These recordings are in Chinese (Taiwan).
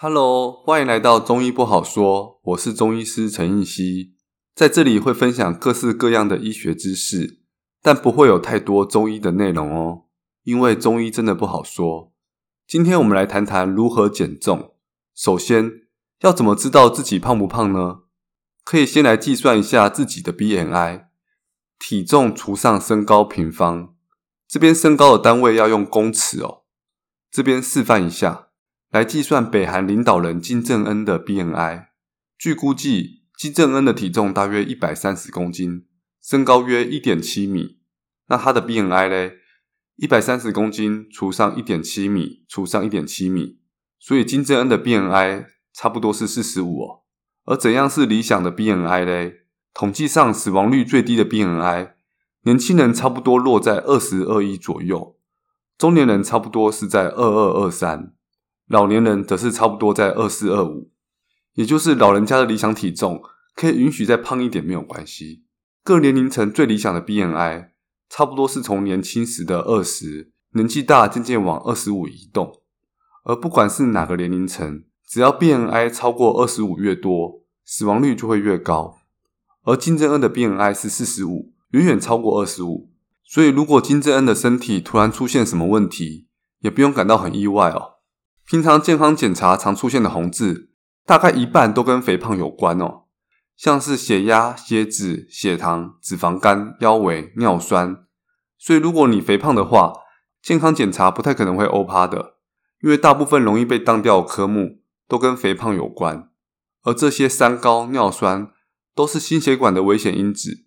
哈嘍，Hello, 歡迎來到中醫不好說，我是中醫師陳奕希。在這裡會分享各式各樣的醫學知識，但不會有太多中醫的內容哦，因為中醫真的不好說。今天我們來談談如何減重。首先，要怎麼知道自己胖不胖呢？可以先來計算一下自己的 BMI，體重除上身高平方，這邊身高的單位要用公尺哦。這邊示範一下。來計算北韓領導人金正恩的 BMI。據估計，金正恩的體重大約一百三十公斤，身高約一點七米。那他的 BMI 嘞，一百三十公斤除上一點七米除上一點七米，所以金正恩的 BMI 差不多是四十五哦。而怎樣是理想的 BMI 嘞？統計上死亡率最低的 BMI，年輕人差不多落在二十二一左右，中年人差不多是在二二二三。老年人則是差不多在二四二五，也就是老人家的理想體重，可以允許再胖一點沒有關係。各年齡層最理想的 BMI 差不多是從年輕時的二十，年紀大漸漸往二十五移動。而不管是哪個年齡層，只要 BMI 超過二十五越多，死亡率就會越高。而金正恩的 BMI 是四十五，遠遠超過二十五，所以如果金正恩的身體突然出現什麼問題，也不用感到很意外哦。平常健康檢查常出現的紅字，大概一半都跟肥胖有關哦，像是血壓、血脂、血糖、脂肪肝、腰圍、尿酸。所以如果你肥胖的話，健康檢查不太可能會歐趴的，因為大部分容易被當掉的科目都跟肥胖有關。而這些三高、尿酸都是心血管的危險因子，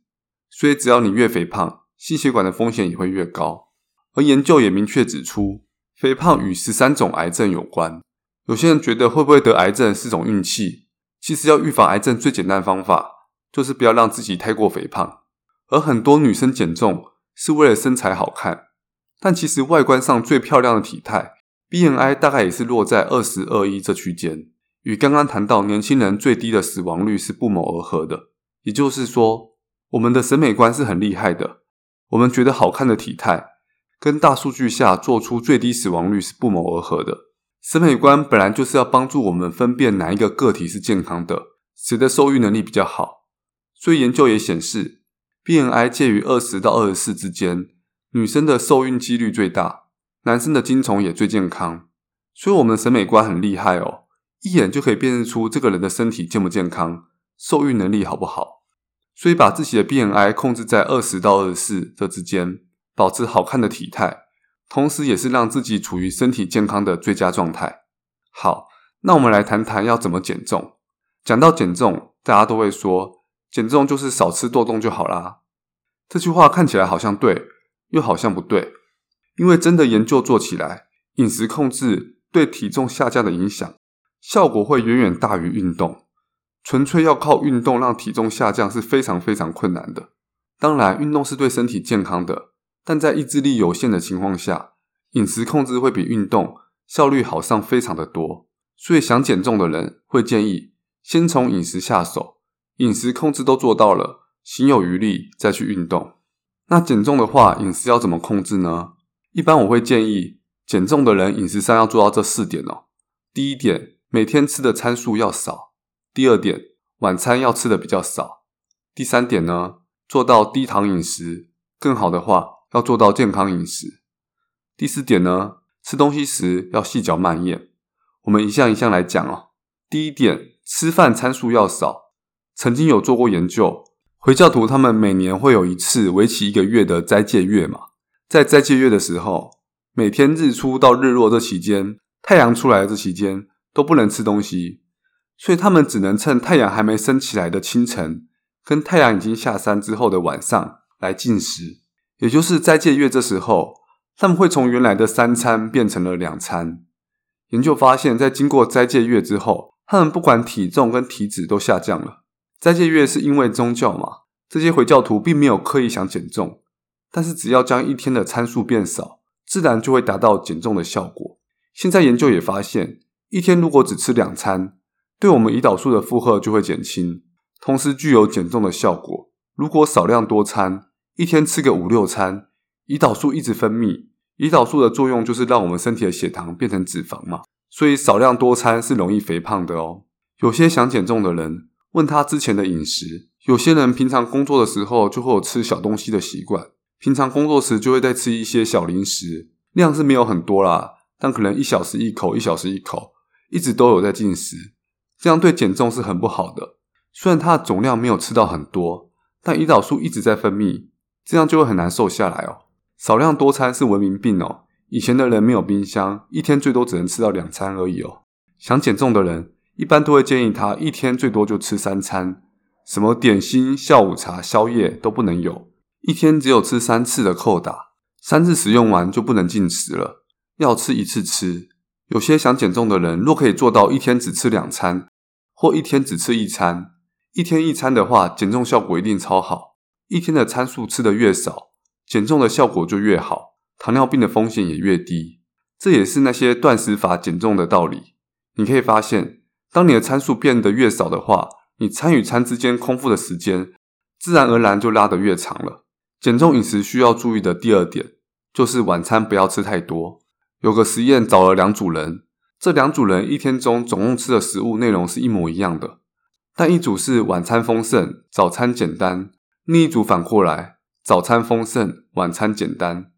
所以只要你越肥胖，心血管的風險也會越高。而研究也明確指出，肥胖與十三種癌症有關。有些人覺得會不會得癌症是種運氣，其實要預防癌症最簡單方法就是不要讓自己太過肥胖。而很多女生減重是為了身材好看，但其實外觀上最漂亮的體態，BMI 大概也是落在二十二一這區間，與剛剛談到年輕人最低的死亡率是不謀而合的。也就是說，我們的審美觀是很厲害的，我們覺得好看的體態。跟大數據下做出最低死亡率是不謀而合的。審美觀本來就是要幫助我們分辨，哪一個個體是健康的，誰的受孕能力比較好。所以研究也顯示，BMI 介於二十到二十四之間，女生的受孕幾率最大，男生的精蟲也最健康。所以我們的審美觀很厲害哦，一眼就可以辨認出這個人的身體健不健康，受孕能力好不好。所以把自己的 BMI 控制在二十到二十四這之間。保持好看的體態，同時也是讓自己處於身體健康的最佳狀態。好，那我們來談談要怎麼減重。講到減重，大家都會說，減重就是少吃多動就好啦。這句話看起來好像對，又好像不對，因為真的研究做起來，飲食控制對體重下降的影響，效果會遠遠大於運動。純粹要靠運動讓體重下降是非常非常困難的。當然，運動是對身體健康的。但在意志力有限的情況下，飲食控制會比運動效率好上非常的多，所以想減重的人會建議先從飲食下手。飲食控制都做到了，行有餘力再去運動。那減重的話，飲食要怎麼控制呢？一般我會建議減重的人飲食上要做到這四點哦。第一點，每天吃的餐數要少；第二點，晚餐要吃的比較少；第三點呢，做到低糖飲食，更好的話。要做到健康飲食。第四點呢，吃東西時要細嚼慢嚥。我們一項一項來講哦、啊。第一點，吃飯餐數要少。曾經有做過研究，回教徒他們每年會有一次為期一個月的齋戒月嘛，在齋戒月的時候，每天日出到日落這期間，太陽出來這期間都不能吃東西，所以他們只能趁太陽還沒升起來的清晨，跟太陽已經下山之後的晚上來進食。也就是齋戒月這時候，他們會從原來的三餐變成了兩餐。研究發現，在經過齋戒月之後，他們不管體重跟體脂都下降了。齋戒月是因為宗教嘛，這些回教徒並沒有刻意想減重，但是只要將一天的餐數變少，自然就會達到減重的效果。現在研究也發現，一天如果只吃兩餐，對我們胰島素的負荷就會減輕，同時具有減重的效果。如果少量多餐，一天吃個五六餐，胰島素一直分泌。胰島素的作用就是讓我們身體的血糖變成脂肪嘛，所以少量多餐是容易肥胖的哦。有些想減重的人問他之前的飲食，有些人平常工作的時候就會有吃小東西的習慣，平常工作時就會在吃一些小零食，量是沒有很多啦，但可能一小時一口，一小時一口，一直都有在進食，這樣對減重是很不好的。雖然它的總量沒有吃到很多，但胰島素一直在分泌。這樣就會很難瘦下來哦。少量多餐是文明病哦。以前的人沒有冰箱，一天最多只能吃到兩餐而已哦。想減重的人，一般都會建議他一天最多就吃三餐，什麼點心、下午茶、宵夜都不能有，一天只有吃三次的扣打，三次使用完就不能進食了，要吃一次吃。有些想減重的人，若可以做到一天只吃兩餐，或一天只吃一餐，一天一餐的話，減重效果一定超好。一天的餐數吃得越少，減重的效果就越好，糖尿病的風險也越低。這也是那些斷食法減重的道理。你可以發現，當你的餐數變得越少的話，你餐與餐之間空腹的時間，自然而然就拉得越長了。減重飲食需要注意的第二點，就是晚餐不要吃太多。有個實驗找了兩組人，這兩組人一天中總共吃的食物內容是一模一樣的，但一組是晚餐豐盛，早餐簡單。另一組反過來，早餐豐盛，晚餐簡單。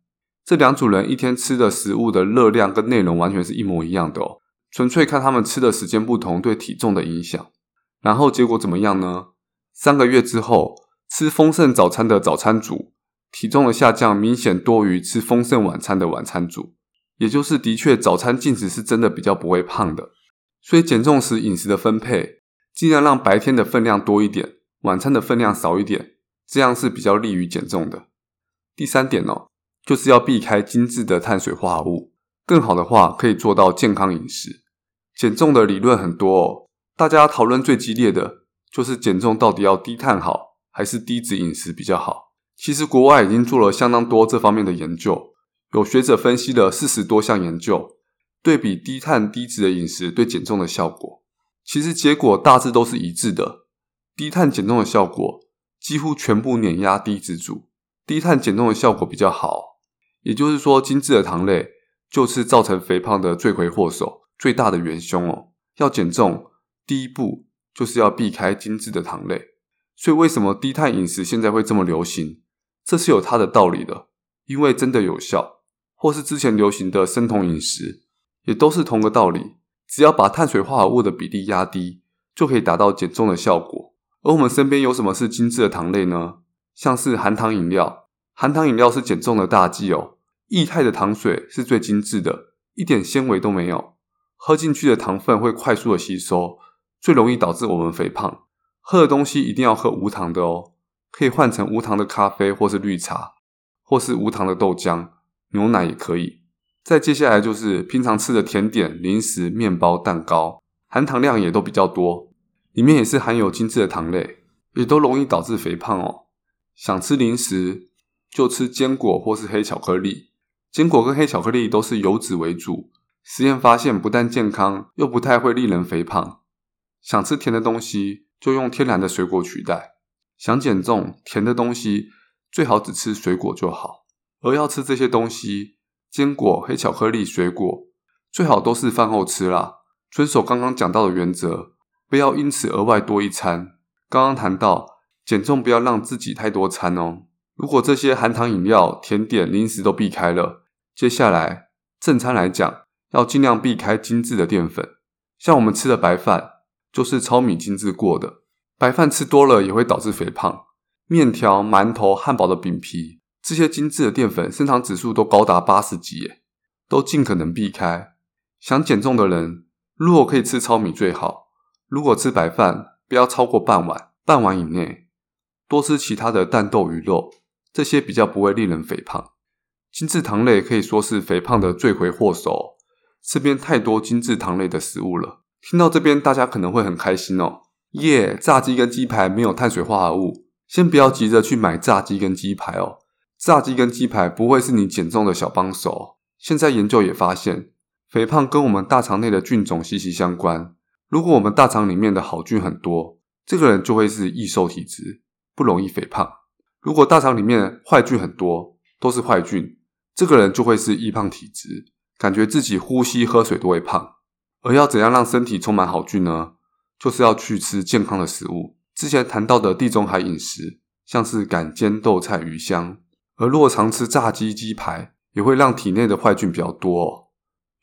這兩組人一天吃的食物的熱量跟內容完全是一模一樣的哦，純粹看他們吃的時間不同對體重的影響。然後結果怎麼樣呢？三個月之後，吃豐盛早餐的早餐組體重的下降明顯多於吃豐盛晚餐的晚餐組，也就是的確早餐進食是真的比較不會胖的。所以減重時飲食的分配，儘量讓白天的分量多一點，晚餐的分量少一點。這樣是比較利於減重的。第三點呢、哦，就是要避開精緻的碳水化合物。更好的話，可以做到健康飲食。減重的理論很多哦，大家討論最激烈的就是減重到底要低碳好，還是低脂飲食比較好？其實國外已經做了相當多這方面的研究，有學者分析了四十多項研究，對比低碳低脂的飲食對減重的效果。其實結果大致都是一致的，低碳減重的效果。幾乎全部碾壓低脂組，低碳減重的效果比較好。也就是說，精致的糖類就是造成肥胖的罪魁禍首，最大的元兇哦。要減重，第一步就是要避開精致的糖類。所以，為什麼低碳飲食現在會這麼流行？這是有它的道理的，因為真的有效。或是之前流行的生酮飲食，也都是同個道理，只要把碳水化合物的比例壓低，就可以達到減重的效果。而我們身邊有什麼是精致的糖類呢？像是含糖飲料，含糖飲料是減重的大忌哦。液態的糖水是最精致的，一點纖維都沒有，喝進去的糖分會快速的吸收，最容易導致我們肥胖。喝的東西一定要喝無糖的哦，可以換成無糖的咖啡或是綠茶，或是無糖的豆漿、牛奶也可以。再接下來就是平常吃的甜點、零食、麵包、蛋糕，含糖量也都比較多。裡面也是含有精致的糖類，也都容易導致肥胖哦。想吃零食就吃堅果或是黑巧克力，堅果跟黑巧克力都是油脂為主。實驗發現，不但健康，又不太會令人肥胖。想吃甜的東西，就用天然的水果取代。想減重，甜的東西最好只吃水果就好。而要吃這些東西，堅果、黑巧克力、水果，最好都是飯後吃啦。遵守剛剛講到的原則。不要因此額外多一餐。剛剛談到減重，不要讓自己太多餐哦。如果這些含糖飲料、甜點、零食都避開了，接下來正餐來講，要儘量避開精致的澱粉，像我們吃的白飯，就是糙米精致過的，白飯吃多了也會導致肥胖。麵條、饅頭、漢堡的餅皮，這些精致的澱粉，升糖指數都高達八十級耶，都儘可能避開。想減重的人，如果可以吃糙米最好。如果吃白飯，不要超過半碗，半碗以內。多吃其他的蛋、豆、魚、肉，這些比較不會令人肥胖。精致糖類可以說是肥胖的罪魁禍首。吃遍太多精致糖類的食物了。聽到這邊，大家可能會很開心哦。耶！炸雞跟雞排沒有碳水化合物，先不要急着去買炸雞跟雞排哦。炸雞跟雞排不會是你減重的小幫手。現在研究也發現，肥胖跟我們大腸內的菌種息息相關。如果我們大腸裡面的好菌很多，這個人就會是易瘦體質，不容易肥胖。如果大腸裡面壞菌很多，都是壞菌，這個人就會是易胖體質，感覺自己呼吸喝水都會胖。而要怎樣讓身體充滿好菌呢？就是要去吃健康的食物。之前談到的地中海飲食，像是橄欖豆菜魚香，而若常吃炸雞雞排，也會讓體內的壞菌比較多哦。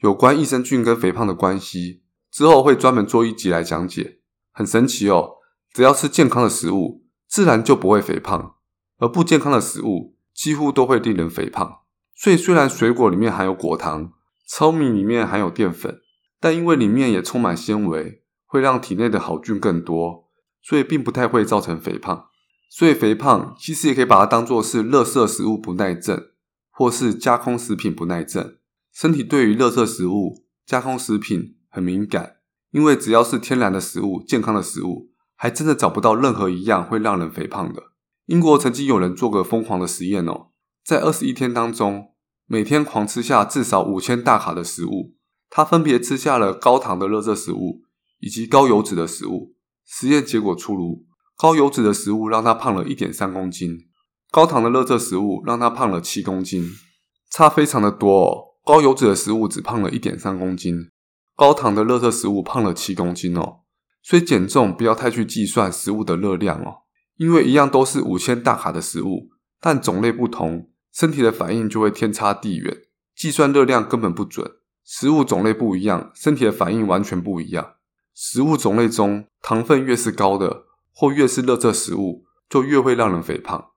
有關益生菌跟肥胖的關係。之後會專門做一集來講解，很神奇哦。只要吃健康的食物，自然就不會肥胖；而不健康的食物幾乎都會令人肥胖。所以，雖然水果裡面含有果糖，糙米裡面含有澱粉，但因為裡面也充滿纖維，會讓體內的好菌更多，所以並不太會造成肥胖。所以，肥胖其實也可以把它當做是垃圾食物不耐症，或是加工食品不耐症。身體對於垃圾食物、加工食品很敏感，因為只要是天然的食物、健康的食物，還真的找不到任何一樣會讓人肥胖的。英國曾經有人做個瘋狂的實驗哦，在二十一天當中，每天狂吃下至少五千大卡的食物。他分別吃下了高糖的垃圾食物以及高油脂的食物。實驗結果出爐，高油脂的食物讓他胖了一點三公斤，高糖的垃圾食物讓他胖了七公斤，差非常的多哦。高油脂的食物只胖了一點三公斤。高糖的垃圾食物胖了七公斤哦，所以減重不要太去計算食物的熱量哦，因為一樣都是五千大卡的食物，但種類不同，身體的反應就會天差地遠，計算熱量根本不準。食物種類不一樣，身體的反應完全不一樣。食物種類中，糖分越是高的，或越是垃圾食物，就越會讓人肥胖。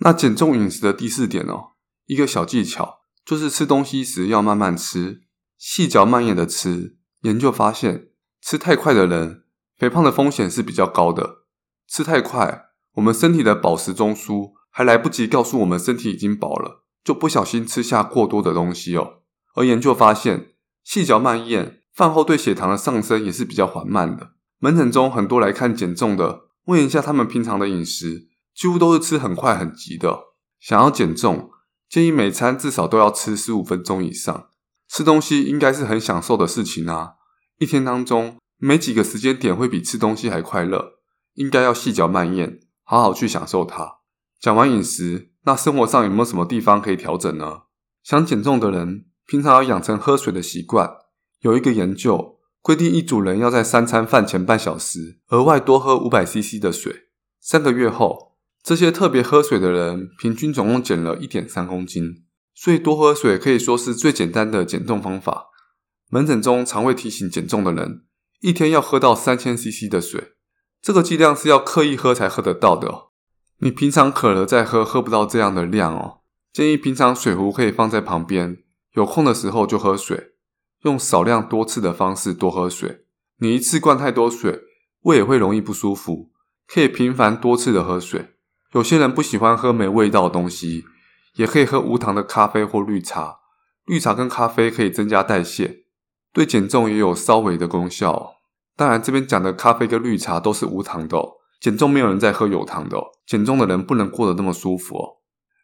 那減重飲食的第四點哦，一個小技巧，就是吃東西時要慢慢吃。細嚼慢嚥的吃，研究發現，吃太快的人，肥胖的風險是比較高的。吃太快，我們身體的飽食中樞還來不及告訴我們身體已經飽了，就不小心吃下過多的東西哦。而研究發現，細嚼慢嚥，飯後對血糖的上升也是比較緩慢的。門診中很多來看減重的，問一下他們平常的飲食，幾乎都是吃很快很急的。想要減重，建議每餐至少都要吃十五分鐘以上。吃東西應該是很享受的事情啊！一天當中沒幾個時間點會比吃東西還快樂，應該要細嚼慢嚥，好好去享受它。講完飲食，那生活上有沒有什麼地方可以調整呢？想減重的人，平常要養成喝水的習慣。有一個研究，規定一組人要在三餐飯前半小時，額外多喝五百 CC 的水，三個月後，這些特別喝水的人，平均總共減了一點三公斤。所以多喝水可以說是最簡單的減重方法。門診中常會提醒減重的人，一天要喝到三千 CC 的水，這個劑量是要刻意喝才喝得到的。你平常渴了再喝，喝不到這樣的量哦。建議平常水壺可以放在旁邊，有空的時候就喝水，用少量多次的方式多喝水。你一次灌太多水，胃也會容易不舒服，可以頻繁多次的喝水。有些人不喜歡喝沒味道的東西。也可以喝無糖的咖啡或綠茶，綠茶跟咖啡可以增加代謝，對減重也有稍微的功效哦。當然，這邊講的咖啡跟綠茶都是無糖的哦，減重沒有人在喝有糖的哦，減重的人不能過得那麼舒服哦。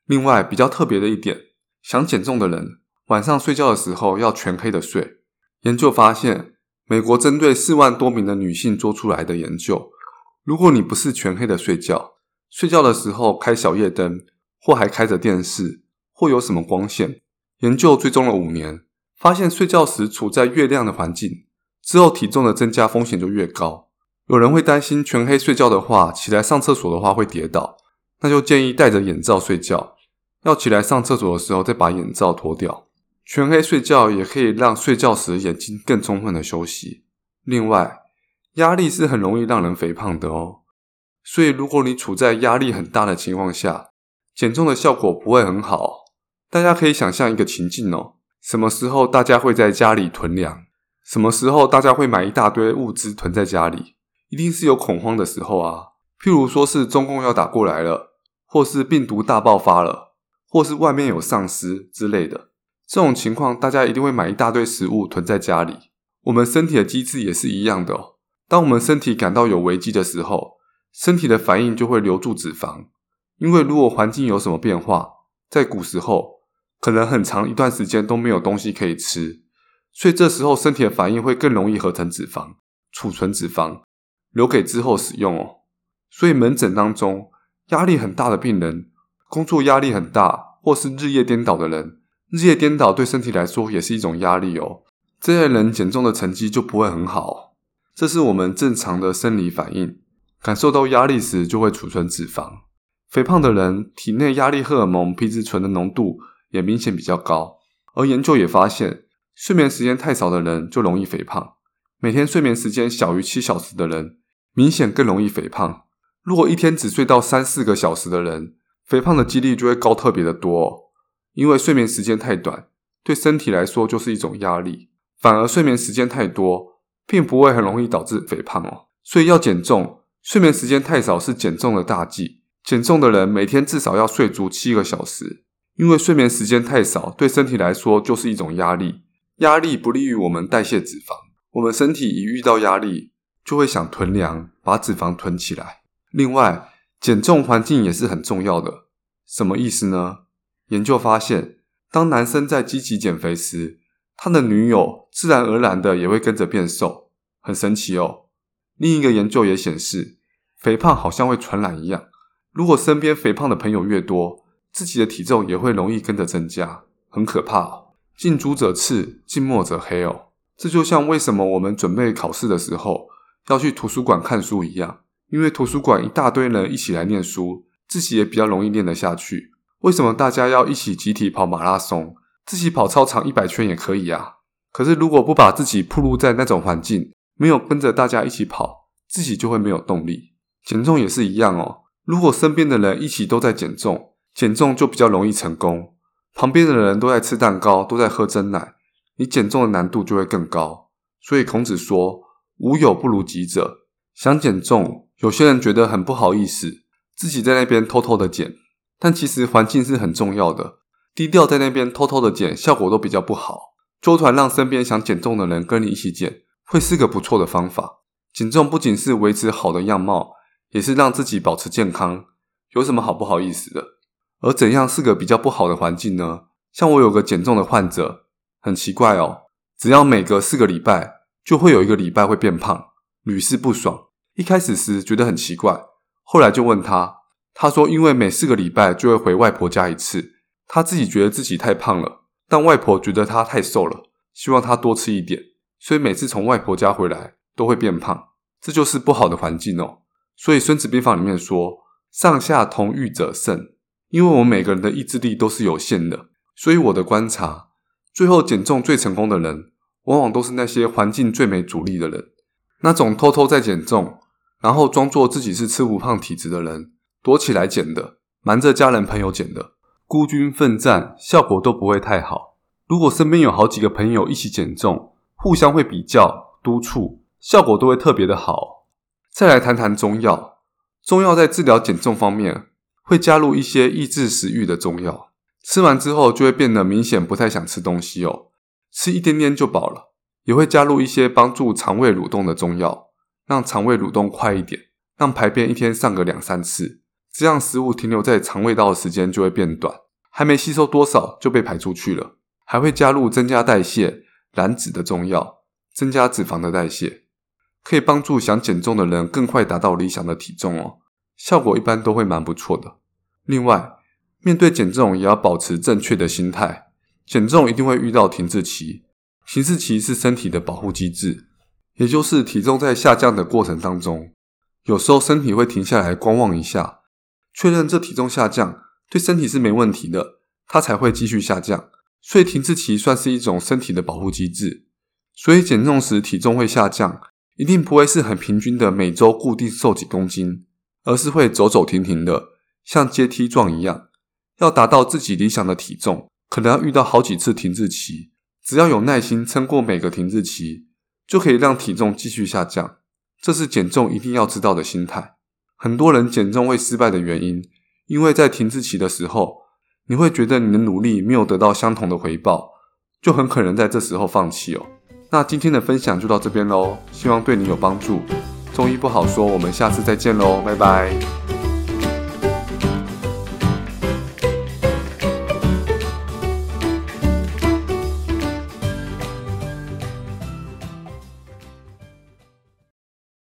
另外，比較特別的一點，想減重的人晚上睡覺的時候要全黑的睡。研究發現，美國針對四萬多名的女性做出來的研究，如果你不是全黑的睡覺，睡覺的時候開小夜燈。或還開着電視，或有什麼光線。研究追蹤了五年，發現睡覺時處在越亮的環境，之後體重的增加風險就越高。有人會擔心全黑睡覺的話，起來上廁所的話會跌倒，那就建議戴着眼罩睡覺。要起來上廁所的時候再把眼罩脫掉。全黑睡覺也可以讓睡覺時眼睛更充分的休息。另外，壓力是很容易讓人肥胖的哦。所以，如果你處在壓力很大的情況下，減重的效果不會很好。大家可以想象一個情境哦：什麼時候大家會在家裡囤糧？什麼時候大家會買一大堆物資囤在家裡？一定是有恐慌的時候啊，譬如說是中共要打過來了，或是病毒大爆發了，或是外面有喪屍之類的。這種情況，大家一定會買一大堆食物囤在家裡。我們身體的機制也是一樣的喔。當我們身體感到有危機的時候，身體的反應就會留住脂肪。因為如果環境有什麼變化，在古時候可能很長一段時間都沒有東西可以吃，所以這時候身體的反應會更容易合成脂肪、儲存脂肪，留給之後使用哦。所以門診當中壓力很大的病人，工作壓力很大，或是日夜顛倒的人，日夜顛倒對身體來說也是一種壓力哦。這些人減重的成績就不會很好哦。這是我們正常的生理反應，感受到壓力時就會儲存脂肪。肥胖的人體內壓力荷爾蒙皮質醇的濃度也明顯比較高，而研究也發現，睡眠時間太少的人就容易肥胖。每天睡眠時間小於七小時的人，明顯更容易肥胖。如果一天只睡到三四個小時的人，肥胖的幾率就會高特別的多哦，因為睡眠時間太短，對身體來說就是一種壓力。反而睡眠時間太多，並不會很容易導致肥胖哦。所以要減重，睡眠時間太少是減重的大忌。減重的人每天至少要睡足七個小時，因為睡眠時間太少，對身體來說就是一種壓力。壓力不利於我們代謝脂肪，我們身體一遇到壓力，就會想囤糧，把脂肪囤起來。另外，減重環境也是很重要的。什麼意思呢？研究發現，當男生在積極減肥時，他的女友自然而然的也會跟着變瘦，很神奇哦。另一個研究也顯示，肥胖好像會傳染一樣。如果身邊肥胖的朋友越多，自己的體重也會容易跟着增加，很可怕哦。近朱者赤，近墨者黑哦。這就像為什麼我們準備考試的時候要去圖書館看書一樣，因為圖書館一大堆人一起來念書，自己也比較容易念得下去。為什麼大家要一起集體跑馬拉松，自己跑操場一百圈也可以啊？可是如果不把自己曝露在那種環境，沒有跟着大家一起跑，自己就會沒有動力。減重也是一樣哦。如果身邊的人一起都在減重，減重就比較容易成功。旁邊的人都在吃蛋糕，都在喝珍奶，你減重的難度就會更高。所以孔子說：“無友不如己者。”想減重，有些人覺得很不好意思，自己在那邊偷偷的減，但其實環境是很重要的。低調在那邊偷偷的減，效果都比較不好。組團讓身邊想減重的人跟你一起減，會是個不錯的方法。減重不僅是維持好的樣貌。也是讓自己保持健康，有什麼好不好意思的？而怎樣是個比較不好的環境呢？像我有個減重的患者，很奇怪哦，只要每隔四個禮拜，就會有一個禮拜會變胖，屢試不爽。一開始時覺得很奇怪，後來就問他，他說因為每四個禮拜就會回外婆家一次，他自己覺得自己太胖了，但外婆覺得他太瘦了，希望他多吃一點，所以每次從外婆家回來都會變胖，這就是不好的環境哦。所以《孫子兵法》裡面說：“上下同欲者勝。”因為我們每個人的意志力都是有限的，所以我的觀察，最後減重最成功的人，往往都是那些環境最沒阻力的人。那種偷偷在減重，然後裝作自己是吃不胖體質的人，躲起來減的，瞞着家人朋友減的，孤軍奮戰，效果都不會太好。如果身邊有好幾個朋友一起減重，互相會比較督促，效果都會特別的好。再來談談中藥。中藥在治療減重方面，會加入一些抑制食欲的中藥，吃完之後就會變得明顯不太想吃東西哦，吃一點點就飽了。也會加入一些幫助腸胃蠕動的中藥，讓腸胃蠕動快一點，讓排便一天上個兩三次，這樣食物停留在腸胃道的時間就會變短，還沒吸收多少就被排出去了。還會加入增加代謝、燃脂的中藥，增加脂肪的代謝。可以幫助想減重的人更快達到理想的體重哦，效果一般都會蠻不錯的。另外，面對減重也要保持正確的心態。減重一定會遇到停滯期，停滯期是身體的保護機制，也就是體重在下降的過程當中，有時候身體會停下來觀望一下，確認這體重下降對身體是沒問題的，它才會繼續下降。所以停滯期算是一種身體的保護機制。所以減重時體重會下降。一定不會是很平均的每周固定瘦幾公斤，而是會走走停停的，像階梯狀一樣。要達到自己理想的體重，可能要遇到好幾次停滯期。只要有耐心撐過每個停滯期，就可以讓體重繼續下降。這是減重一定要知道的心態。很多人減重會失敗的原因，因為在停滯期的時候，你會覺得你的努力沒有得到相同的回報，就很可能在這時候放棄哦。那今天的分享就到這邊嘍，希望對你有幫助。中醫不好說，我們下次再見嘍，拜拜。